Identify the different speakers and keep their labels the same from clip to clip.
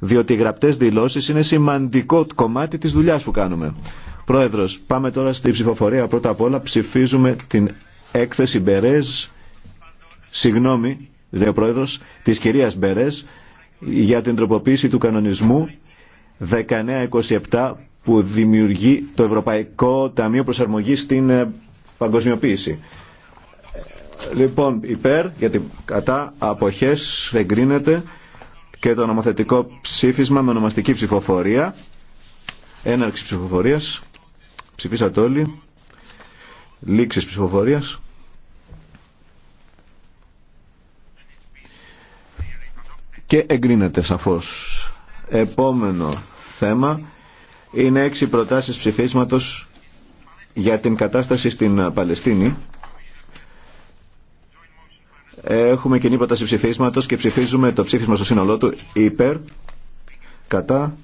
Speaker 1: διότι οι γραπτές δηλώσεις είναι σημαντικό κομμάτι της δουλειάς που κάνουμε. Πρόεδρος, πάμε τώρα στη ψηφοφορία. Πρώτα απ' όλα ψηφίζουμε την έκθεση Μπέρες. συγγνώμη, λέει ο της κυρίας Μπερές για την τροποποίηση του κανονισμού 1927 που δημιουργεί το Ευρωπαϊκό Ταμείο Προσαρμογής στην ε, Παγκοσμιοποίηση. Ε, λοιπόν, υπέρ, γιατί κατά αποχές εγκρίνεται και το νομοθετικό ψήφισμα με ονομαστική ψηφοφορία. Έναρξη ψηφοφορίας. Ψηφίσατε όλοι. Λήξης ψηφοφορίας. Και εγκρίνεται σαφώς. Επόμενο θέμα είναι έξι προτάσεις ψηφίσματος για την κατάσταση στην Παλαιστίνη. Έχουμε κοινή πρόταση ψηφίσματος και ψηφίζουμε το ψήφισμα στο σύνολό του υπέρ, κατά,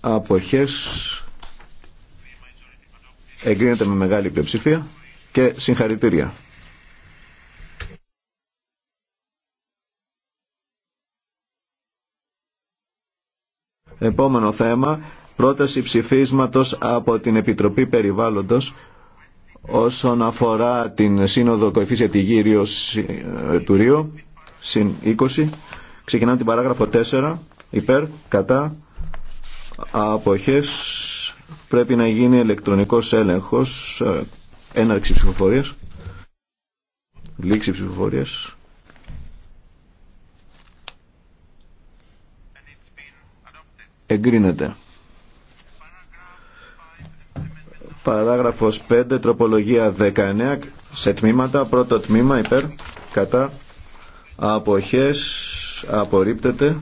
Speaker 1: αποχές, εγκρίνεται με μεγάλη πλειοψηφία και συγχαρητήρια. Επόμενο θέμα, πρόταση ψηφίσματος από την Επιτροπή Περιβάλλοντος όσον αφορά την Σύνοδο Κορυφής γύριο ε, του Ρίου, συν 20. Ξεκινάμε την παράγραφο 4, υπέρ, κατά, αποχές, πρέπει να γίνει ηλεκτρονικός έλεγχος, ε, έναρξη ψηφοφορίας, λήξη ψηφοφορίας. Εγκρίνεται. Παράγραφος 5, τροπολογία 19, σε τμήματα, πρώτο τμήμα υπέρ, κατά, αποχές, απορρίπτεται.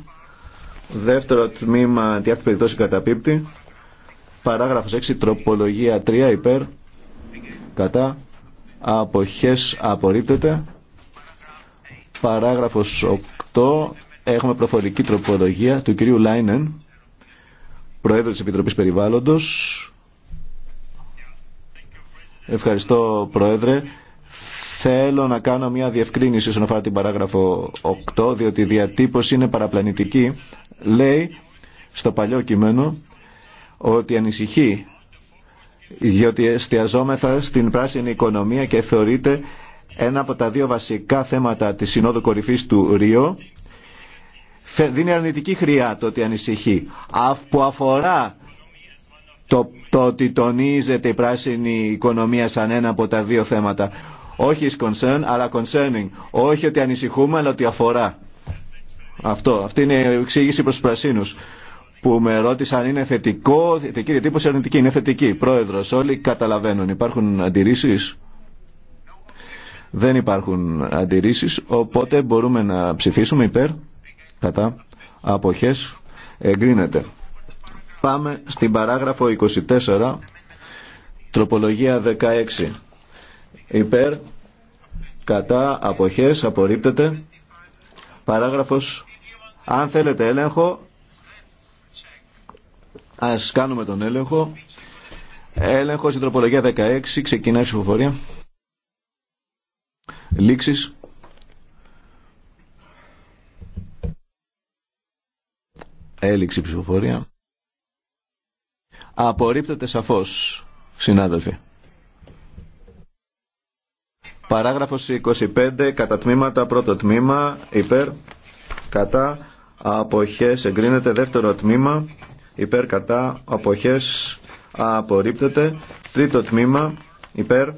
Speaker 1: Δεύτερο τμήμα, τι περιπτώσει καταπίπτει. Παράγραφος 6, τροπολογία 3 υπέρ, κατά, αποχές, απορρίπτεται. Παράγραφος 8, έχουμε προφορική τροπολογία του κυρίου Λάινεν, Προέδρου της Επιτροπής Περιβάλλοντος, Ευχαριστώ Πρόεδρε. Θέλω να κάνω μια διευκρίνηση όσον αφορά την παράγραφο 8, διότι η διατύπωση είναι παραπλανητική. Λέει στο παλιό κείμενο ότι ανησυχεί, διότι εστιαζόμεθα στην πράσινη οικονομία και θεωρείται ένα από τα δύο βασικά θέματα της Συνόδου Κορυφής του Ρίο, δίνει αρνητική χρειά το ότι ανησυχεί, που αφορά το, το ότι τονίζεται η πράσινη οικονομία σαν ένα από τα δύο θέματα. Όχι is concern, αλλά concerning. Όχι ότι ανησυχούμε, αλλά ότι αφορά. Αυτό. Αυτή είναι η εξήγηση προς τους πρασίνους που με ρώτησαν είναι θετικό, θετική διατύπωση, αρνητική. Είναι θετική. Πρόεδρος, όλοι καταλαβαίνουν. Υπάρχουν αντιρρήσεις. Δεν υπάρχουν αντιρρήσεις, οπότε μπορούμε να ψηφίσουμε υπέρ, κατά, αποχές, εγκρίνεται. Πάμε στην παράγραφο 24, τροπολογία 16. Υπέρ, κατά, αποχές, απορρίπτεται. Παράγραφος, αν θέλετε έλεγχο, ας κάνουμε τον έλεγχο. Έλεγχο στην τροπολογία 16, ξεκινάει η ψηφοφορία. Λήξεις. Έληξη ψηφοφορία. Απορρίπτεται σαφώς, συνάδελφοι. Παράγραφος 25, κατά τμήματα, πρώτο τμήμα, υπέρ, κατά, αποχές, εγκρίνεται, δεύτερο τμήμα, υπέρ, κατά, αποχές, απορρίπτεται, τρίτο τμήμα, υπέρ,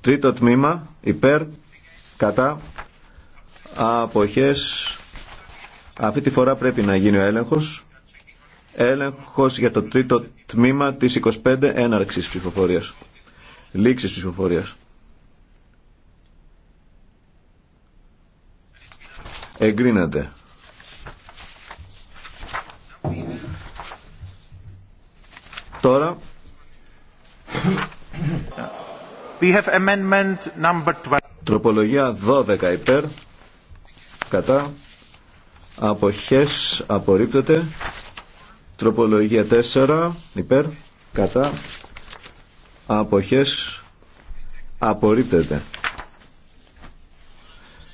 Speaker 1: τρίτο τμήμα, υπέρ, κατά, αποχές, αυτή τη φορά πρέπει να γίνει ο έλεγχος, Έλεγχο για το τρίτο τμήμα της 25 έναρξης ψηφοφορία. Λήξη ψηφοφορία. Εγκρίνεται. Τώρα... We have amendment number 12. Τροπολογία 12 υπέρ. Κατά. Αποχές απορρίπτεται. Τροπολογία 4 υπέρ κατά αποχές απορρίπτεται.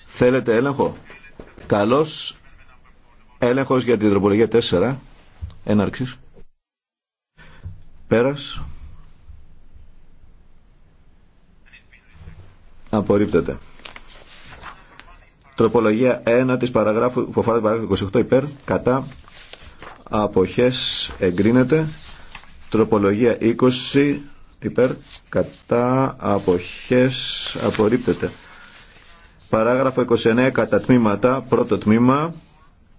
Speaker 1: Θέλετε έλεγχο. Καλός έλεγχος για την τροπολογία 4 έναρξης. Πέρας. Απορρίπτεται. Τροπολογία 1 της παραγράφου, υποφάτα παράγραφου 28 υπέρ, κατά, αποχές εγκρίνεται τροπολογία 20 υπέρ κατά αποχές απορρίπτεται παράγραφο 29 κατά τμήματα πρώτο τμήμα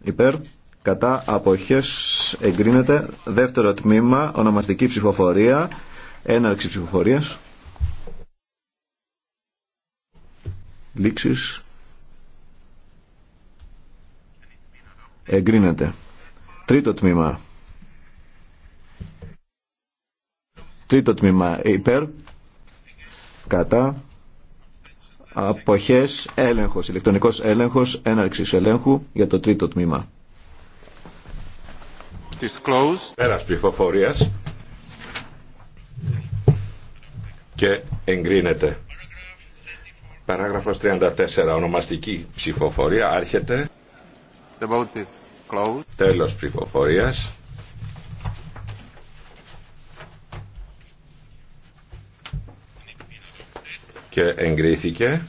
Speaker 1: υπέρ κατά αποχές εγκρίνεται δεύτερο τμήμα ονομαστική ψηφοφορία έναρξη ψηφοφορίας λήξεις εγκρίνεται Τρίτο τμήμα. Τρίτο τμήμα υπέρ, κατά, αποχές, έλεγχος, ηλεκτρονικός έλεγχος, έναρξης ελέγχου για το τρίτο τμήμα.
Speaker 2: Πέρας ψηφοφορίας και εγκρίνεται. Παράγραφος 34, ονομαστική ψηφοφορία, άρχεται cloud. Τέλος πληροφορίας Και εγκρίθηκε.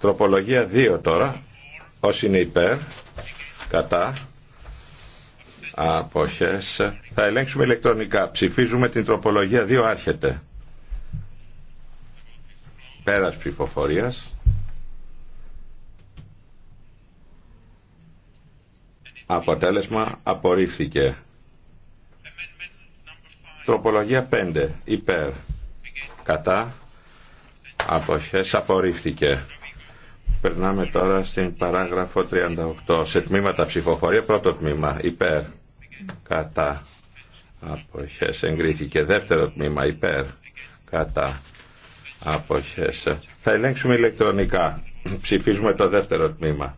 Speaker 2: Τροπολογία 2 τώρα. Όσοι είναι υπέρ, κατά, αποχές. Θα ελέγξουμε ηλεκτρονικά. Ψηφίζουμε την τροπολογία 2 άρχεται. Πέρας ψηφοφορίας. Αποτέλεσμα απορρίφθηκε. Τροπολογία 5. Υπέρ. Κατά. Αποχές απορρίφθηκε. Περνάμε τώρα στην παράγραφο 38. Σε τμήματα ψηφοφορία. Πρώτο τμήμα. Υπέρ. Κατά. Αποχές εγκρίθηκε. Δεύτερο τμήμα. Υπέρ. Κατά. Αποχές. Θα ελέγξουμε ηλεκτρονικά. Ψηφίζουμε το δεύτερο τμήμα.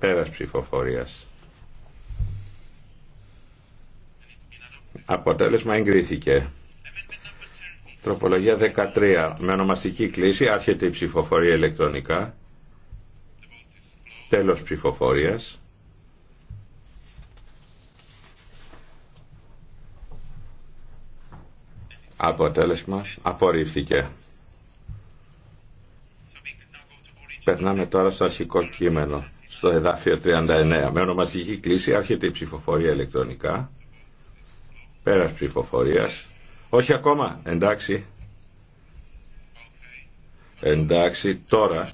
Speaker 2: Πέρας ψηφοφορίας. Αποτέλεσμα εγκρίθηκε. Τροπολογία 13. Με ονομαστική κλίση άρχεται η ψηφοφορία ηλεκτρονικά. Τέλος ψηφοφορίας. Αποτέλεσμα απορρίφθηκε. Περνάμε τώρα στο αρχικό κείμενο στο εδάφιο 39. Με ονομαστική κλίση άρχεται η ψηφοφορία ηλεκτρονικά. Πέρας ψηφοφορία. Όχι ακόμα. Εντάξει. Εντάξει. Τώρα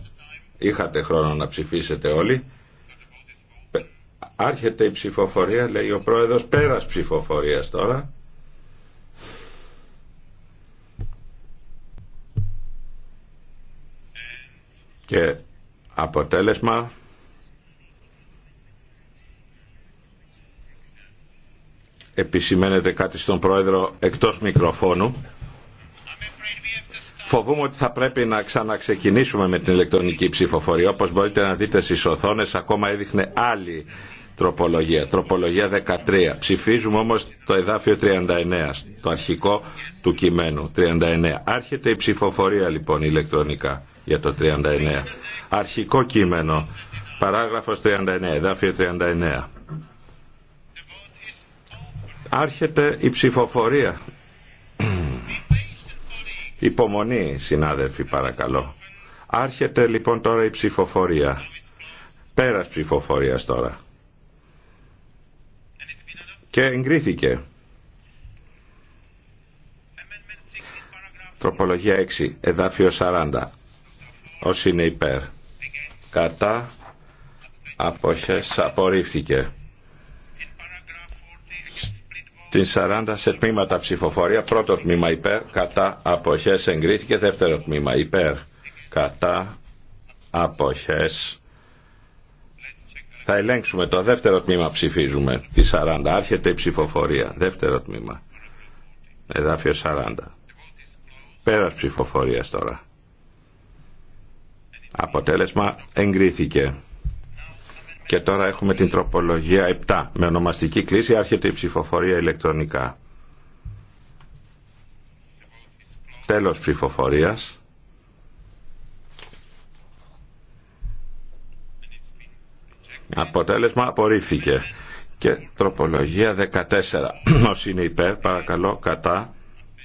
Speaker 2: είχατε χρόνο να ψηφίσετε όλοι. Άρχεται η ψηφοφορία, λέει ο πρόεδρος, πέρας ψηφοφορίας τώρα. Και αποτέλεσμα επισημαίνεται κάτι στον Πρόεδρο εκτός μικροφώνου. Φοβούμαι ότι θα πρέπει να ξαναξεκινήσουμε με την ηλεκτρονική ψηφοφορία. Όπως μπορείτε να δείτε στις οθόνες ακόμα έδειχνε άλλη τροπολογία. Τροπολογία 13. Ψηφίζουμε όμως το εδάφιο 39, το αρχικό του κειμένου 39. Άρχεται η ψηφοφορία λοιπόν ηλεκτρονικά για το 39. Αρχικό κείμενο, παράγραφος 39, εδάφιο 39. Άρχεται η ψηφοφορία. Υπομονή, συνάδελφοι, παρακαλώ. Άρχεται λοιπόν τώρα η ψηφοφορία. Πέρας ψηφοφορίας τώρα. Και εγκρίθηκε. Τροπολογία 6, εδάφιο 40. Όσοι είναι υπέρ. Κατά αποχές απορρίφθηκε στην 40 σε τμήματα ψηφοφορία. Πρώτο τμήμα υπέρ, κατά, αποχές, εγκρίθηκε. Δεύτερο τμήμα υπέρ, κατά, αποχές. Θα ελέγξουμε το δεύτερο τμήμα ψηφίζουμε. Τη 40. Άρχεται η ψηφοφορία. Δεύτερο τμήμα. Εδάφιο 40. Πέρας ψηφοφορίας τώρα. Αποτέλεσμα εγκρίθηκε. Και τώρα έχουμε την τροπολογία 7 με ονομαστική κλίση άρχεται η ψηφοφορία ηλεκτρονικά. Τέλος ψηφοφορίας. Αποτέλεσμα απορρίφθηκε. Και τροπολογία 14. Όσοι είναι υπέρ, παρακαλώ, κατά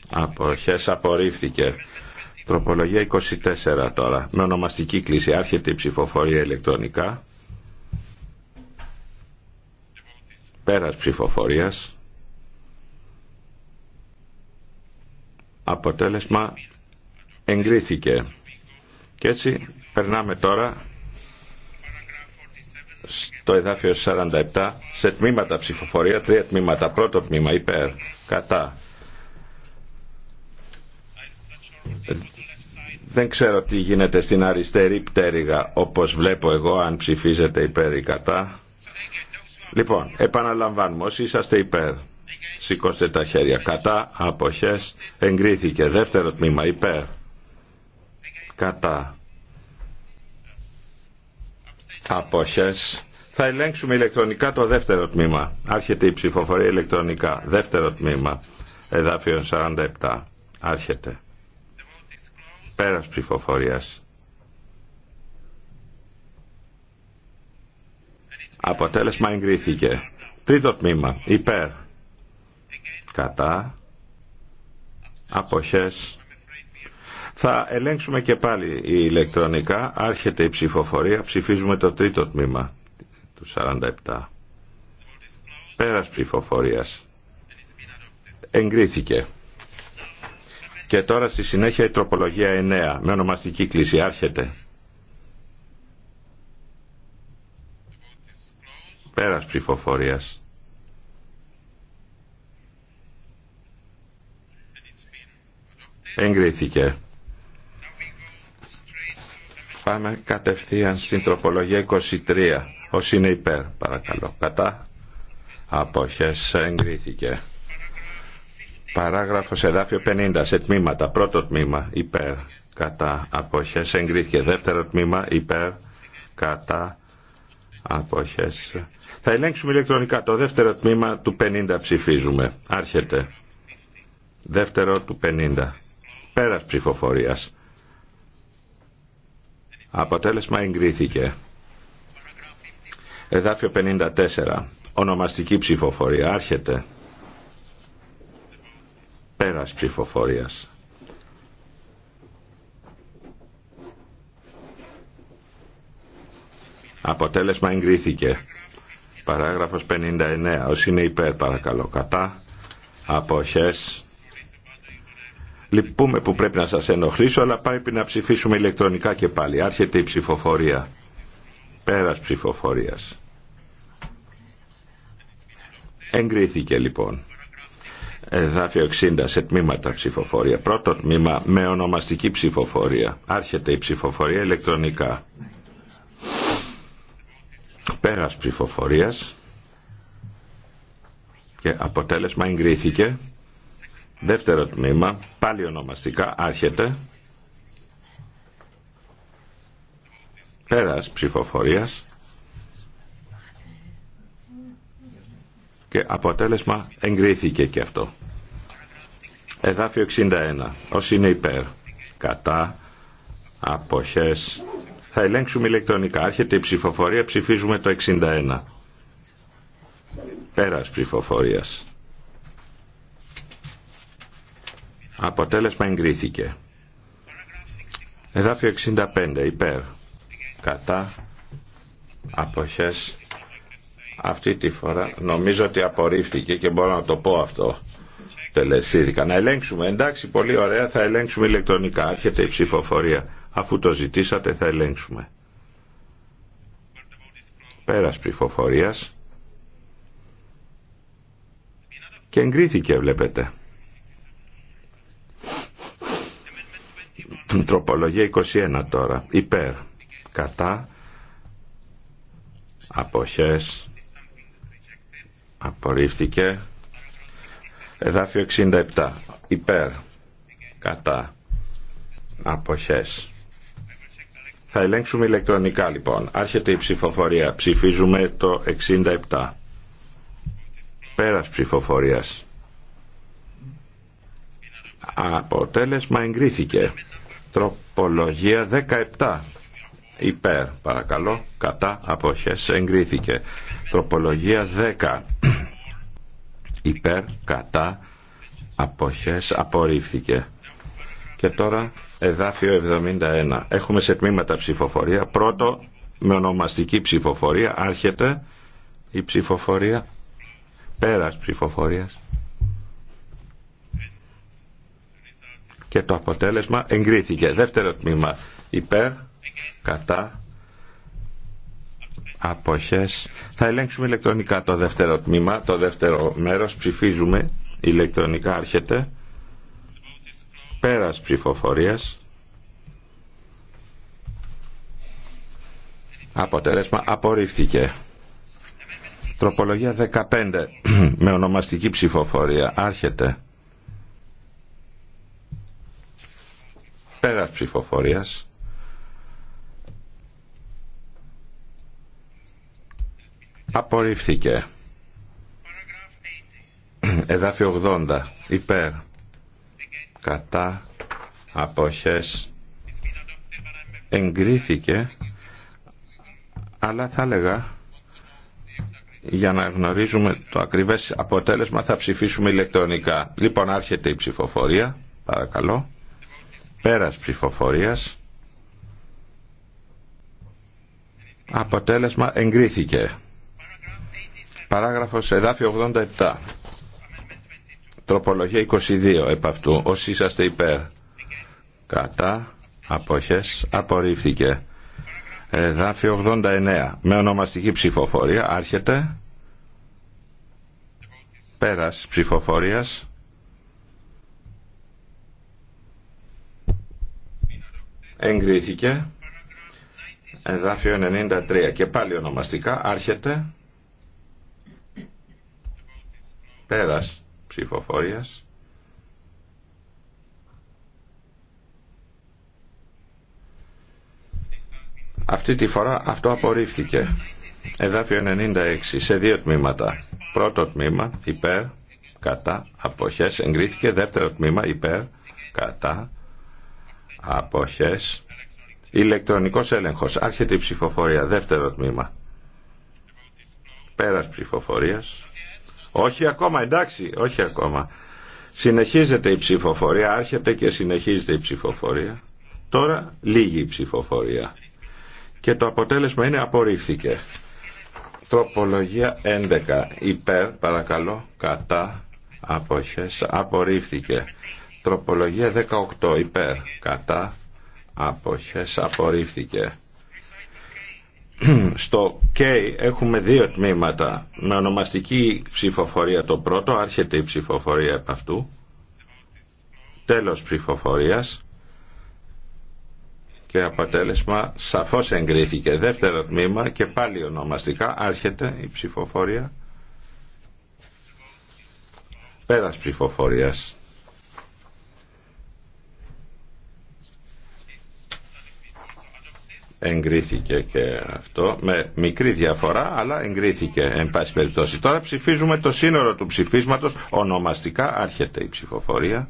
Speaker 2: αποχές απορρίφθηκε. Τροπολογία 24 τώρα. Με ονομαστική κλίση άρχεται η ψηφοφορία ηλεκτρονικά. Πέρας ψηφοφορίας. Αποτέλεσμα εγκρίθηκε. Και έτσι περνάμε τώρα στο εδάφιο 47 σε τμήματα ψηφοφορία, τρία τμήματα. Πρώτο τμήμα υπέρ, κατά. Δεν ξέρω τι γίνεται στην αριστερή πτέρυγα, όπως βλέπω εγώ αν ψηφίζεται υπέρ ή κατά. Λοιπόν, επαναλαμβάνουμε. Όσοι είσαστε υπέρ, σηκώστε τα χέρια. Κατά, αποχές, εγκρίθηκε. Δεύτερο τμήμα, υπέρ. Κατά. Αποχές. Θα ελέγξουμε ηλεκτρονικά το δεύτερο τμήμα. Άρχεται η ψηφοφορία ηλεκτρονικά. Δεύτερο τμήμα. Εδάφιο 47. Άρχεται. Πέρας ψηφοφορίας. Αποτέλεσμα εγκρίθηκε. Τρίτο τμήμα. Υπέρ. Κατά. Αποχές. Θα ελέγξουμε και πάλι η ηλεκτρονικά. Άρχεται η ψηφοφορία. Ψηφίζουμε το τρίτο τμήμα του 47. Πέρας ψηφοφορίας. Εγκρίθηκε. Και τώρα στη συνέχεια η τροπολογία 9 με ονομαστική κλίση. Άρχεται. Πέρας ψηφοφορίας. Εγκρίθηκε. Πάμε κατευθείαν στην τροπολογία 23. Όσοι είναι υπέρ, παρακαλώ. Κατά. Αποχές εγκρίθηκε. Παράγραφος εδάφιο 50 σε τμήματα. Πρώτο τμήμα υπέρ. Κατά. Αποχές εγκρίθηκε. Δεύτερο τμήμα υπέρ. Κατά. Θα ελέγξουμε ηλεκτρονικά το δεύτερο τμήμα του 50 ψηφίζουμε. Άρχεται. Δεύτερο του 50. Πέρας ψηφοφορίας. Αποτέλεσμα εγκρίθηκε. Εδάφιο 54. Ονομαστική ψηφοφορία. Άρχεται. Πέρας ψηφοφορίας. Αποτέλεσμα εγκρίθηκε. Παράγραφος 59. Όσοι είναι υπέρ παρακαλώ. Κατά. Αποχές. Λυπούμε που πρέπει να σας ενοχλήσω, αλλά πρέπει να ψηφίσουμε ηλεκτρονικά και πάλι. Άρχεται η ψηφοφορία. Πέρας ψηφοφορίας. Εγκρίθηκε λοιπόν. Εδάφιο 60 σε τμήματα ψηφοφορία. Πρώτο τμήμα με ονομαστική ψηφοφορία. Άρχεται η ψηφοφορία ηλεκτρονικά. Πέρας ψηφοφορίας και αποτέλεσμα εγκρίθηκε. Δεύτερο τμήμα, πάλι ονομαστικά, άρχεται. Πέρας ψηφοφορίας και αποτέλεσμα εγκρίθηκε και αυτό. Εδάφιο 61. Όσοι είναι υπέρ, κατά, αποχές, θα ελέγξουμε ηλεκτρονικά. Άρχεται η ψηφοφορία. Ψηφίζουμε το 61. Πέρας ψηφοφορίας. Αποτέλεσμα εγκρίθηκε. Εδάφιο 65. Υπέρ. Κατά. Αποχές. Αυτή τη φορά νομίζω ότι απορρίφθηκε και μπορώ να το πω αυτό. Τελεσίδικα. Να ελέγξουμε. Εντάξει, πολύ ωραία. Θα ελέγξουμε ηλεκτρονικά. Άρχεται η ψηφοφορία. Αφού το ζητήσατε θα ελέγξουμε. Πέρας ψηφοφορίας και εγκρίθηκε βλέπετε. Τροπολογία 21 τώρα. Υπέρ. Κατά. Αποχές. Απορρίφθηκε. Εδάφιο 67. Υπέρ. Κατά. Αποχές. Θα ελέγξουμε ηλεκτρονικά λοιπόν. Άρχεται η ψηφοφορία. Ψηφίζουμε το 67. Πέρας ψηφοφορίας. Αποτέλεσμα εγκρίθηκε. Τροπολογία 17. Υπέρ, παρακαλώ, κατά αποχές. Εγκρίθηκε. Τροπολογία 10. Υπέρ, κατά αποχές. Απορρίφθηκε. Και τώρα εδάφιο 71. Έχουμε σε τμήματα ψηφοφορία. Πρώτο με ονομαστική ψηφοφορία. Άρχεται η ψηφοφορία. Πέρας ψηφοφορίας. Και το αποτέλεσμα εγκρίθηκε. Δεύτερο τμήμα υπέρ, κατά, αποχές. Θα ελέγξουμε ηλεκτρονικά το δεύτερο τμήμα, το δεύτερο μέρος. Ψηφίζουμε ηλεκτρονικά άρχεται. Πέρας ψηφοφορίας. Αποτέλεσμα απορρίφθηκε. Τροπολογία 15 με ονομαστική ψηφοφορία. Άρχεται. Πέρας ψηφοφορίας. Απορρίφθηκε. Εδάφιο 80. Υπέρ κατά αποχές εγκρίθηκε αλλά θα έλεγα για να γνωρίζουμε το ακριβές αποτέλεσμα θα ψηφίσουμε ηλεκτρονικά. Λοιπόν άρχεται η ψηφοφορία, παρακαλώ. Πέρας ψηφοφορίας. Αποτέλεσμα εγκρίθηκε. Παράγραφος εδάφιο 87. Τροπολογία 22 επ' αυτού. Όσοι είσαστε υπέρ. Κατά. Αποχές. Απορρίφθηκε. Εδάφιο 89. Με ονομαστική ψηφοφορία. Άρχεται. Πέρας ψηφοφορίας. Εγκρίθηκε. Εδάφιο 93. Και πάλι ονομαστικά. Άρχεται. Πέρας ψηφοφορίας. Αυτή τη φορά αυτό απορρίφθηκε. Εδάφιο 96 σε δύο τμήματα. Πρώτο τμήμα υπέρ, κατά, αποχές. Εγκρίθηκε δεύτερο τμήμα υπέρ, κατά, αποχές. Ηλεκτρονικός έλεγχος. Άρχεται η ψηφοφορία. Δεύτερο τμήμα. Πέρας ψηφοφορίας. Όχι ακόμα, εντάξει, όχι ακόμα. Συνεχίζεται η ψηφοφορία, άρχεται και συνεχίζεται η ψηφοφορία. Τώρα λίγη η ψηφοφορία. Και το αποτέλεσμα είναι απορρίφθηκε. Τροπολογία 11. Υπέρ, παρακαλώ, κατά, αποχές, απορρίφθηκε. Τροπολογία 18. Υπέρ, κατά, αποχές, απορρίφθηκε. στο K έχουμε δύο τμήματα. Με ονομαστική ψηφοφορία το πρώτο, άρχεται η ψηφοφορία από αυτού. Τέλος ψηφοφορίας. Και αποτέλεσμα σαφώς εγκρίθηκε. Δεύτερο τμήμα και πάλι ονομαστικά άρχεται η ψηφοφορία. Πέρας ψηφοφορίας. εγκρίθηκε και αυτό με μικρή διαφορά αλλά εγκρίθηκε εν πάση περιπτώσει. Τώρα ψηφίζουμε το σύνολο του ψηφίσματος ονομαστικά άρχεται η ψηφοφορία.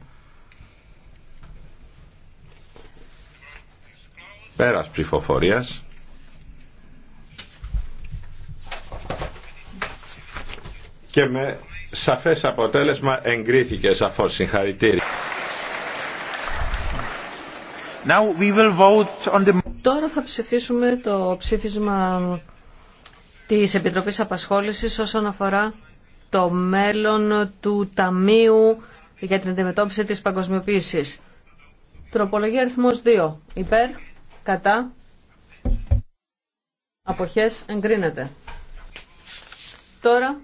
Speaker 2: Πέρας ψηφοφορίας. Και με σαφές αποτέλεσμα εγκρίθηκε σαφώς συγχαρητήρια. Now we will vote on the...
Speaker 3: Τώρα θα ψηφίσουμε το ψήφισμα της Επιτροπής Απασχόλησης όσον αφορά το μέλλον του Ταμείου για την αντιμετώπιση της παγκοσμιοποίησης. Τροπολογία αριθμός 2. Υπέρ, κατά, αποχές, εγκρίνεται. Τώρα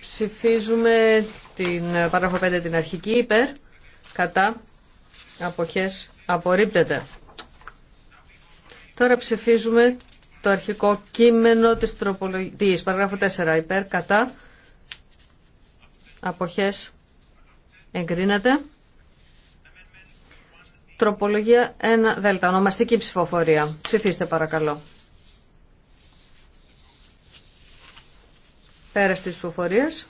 Speaker 3: ψηφίζουμε την παράγραφο 5 την αρχική υπέρ, κατά, αποχές, απορρίπτεται. Τώρα ψηφίζουμε το αρχικό κείμενο της, τροπολογ... της παραγράφου 4 υπέρ κατά αποχές εγκρίνεται. Τροπολογία 1 δέλτα, ονομαστική ψηφοφορία. Ψηφίστε παρακαλώ. Πέρας της ψηφοφορίας.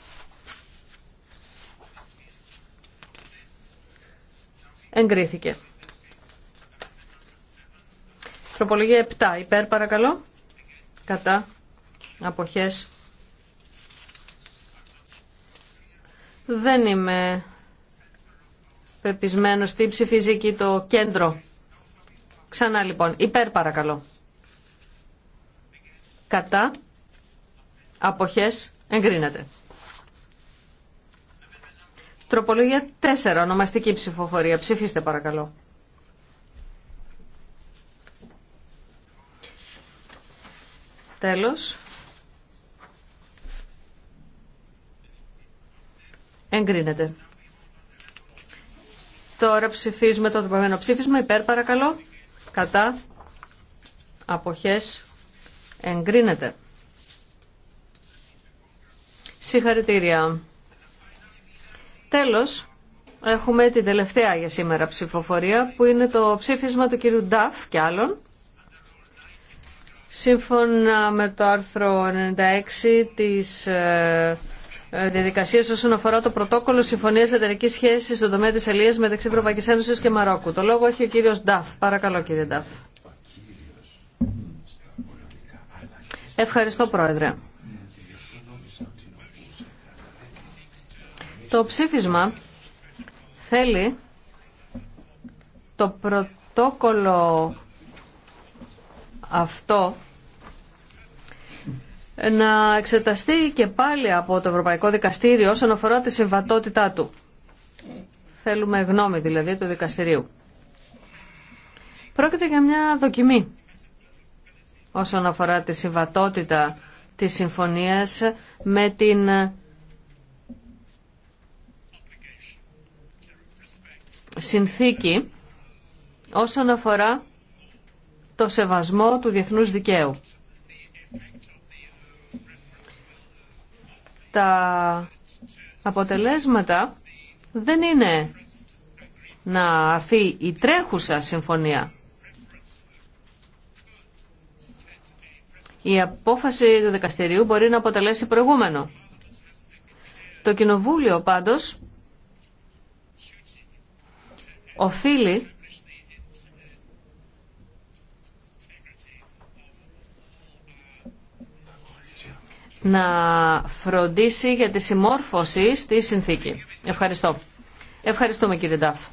Speaker 3: Εγκρίθηκε. Τροπολογία 7. Υπέρ παρακαλώ. Κατά. Αποχές. Δεν είμαι πεπισμένος στη ψηφιζική το κέντρο. Ξανά λοιπόν. Υπέρ παρακαλώ. Κατά. Αποχές. Εγκρίνεται. Τροπολογία 4. Ονομαστική ψηφοφορία. Ψηφίστε παρακαλώ. Τέλος. Εγκρίνεται. Τώρα ψηφίζουμε το επόμενο ψήφισμα. Υπέρ παρακαλώ. Κατά. Αποχές. Εγκρίνεται. Συγχαρητήρια. Τέλος, έχουμε την τελευταία για σήμερα ψηφοφορία που είναι το ψήφισμα του κύριου Νταφ και άλλων σύμφωνα με το άρθρο 96 της ε, ε, διαδικασία όσον αφορά το πρωτόκολλο συμφωνίας εταιρικής σχέσης στον τομέα της Ελία μεταξύ Ευρωπαϊκή Ένωση και Μαρόκου. Το λόγο έχει ο κύριος Νταφ. Παρακαλώ, κύριε Νταφ. Ευχαριστώ, Πρόεδρε. Το ψήφισμα θέλει το πρωτόκολλο αυτό να εξεταστεί και πάλι από το Ευρωπαϊκό Δικαστήριο όσον αφορά τη συμβατότητά του. Θέλουμε γνώμη δηλαδή του δικαστηρίου. Πρόκειται για μια δοκιμή όσον αφορά τη συμβατότητα της συμφωνίας με την συνθήκη όσον αφορά το σεβασμό του διεθνούς δικαίου. τα αποτελέσματα δεν είναι να αρθεί η τρέχουσα συμφωνία. Η απόφαση του δικαστηρίου μπορεί να αποτελέσει προηγούμενο. Το Κοινοβούλιο πάντως οφείλει να φροντίσει για τη συμμόρφωση στη συνθήκη. Ευχαριστώ. Ευχαριστούμε κύριε Ντάφ.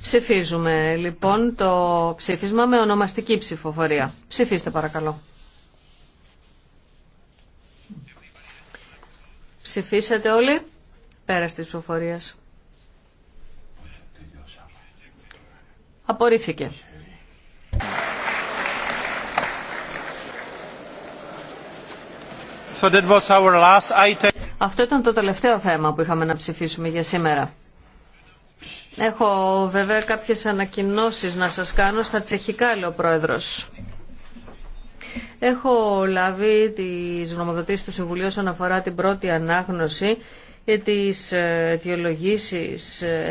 Speaker 3: Ψηφίζουμε λοιπόν το ψήφισμα με ονομαστική ψηφοφορία. Ψηφίστε παρακαλώ. Ψηφίσατε όλοι πέρα της ψηφοφορία. Απορρίφθηκε. Αυτό ήταν το τελευταίο θέμα που είχαμε να ψηφίσουμε για σήμερα. Έχω βέβαια κάποιες ανακοινώσεις να σας κάνω στα τσεχικά, λέει ο Πρόεδρος. Έχω λάβει τις γνωμοδοτήσεις του Συμβουλίου όσον αφορά την πρώτη ανάγνωση ε, τις ε, αιτιολογήσεις ε,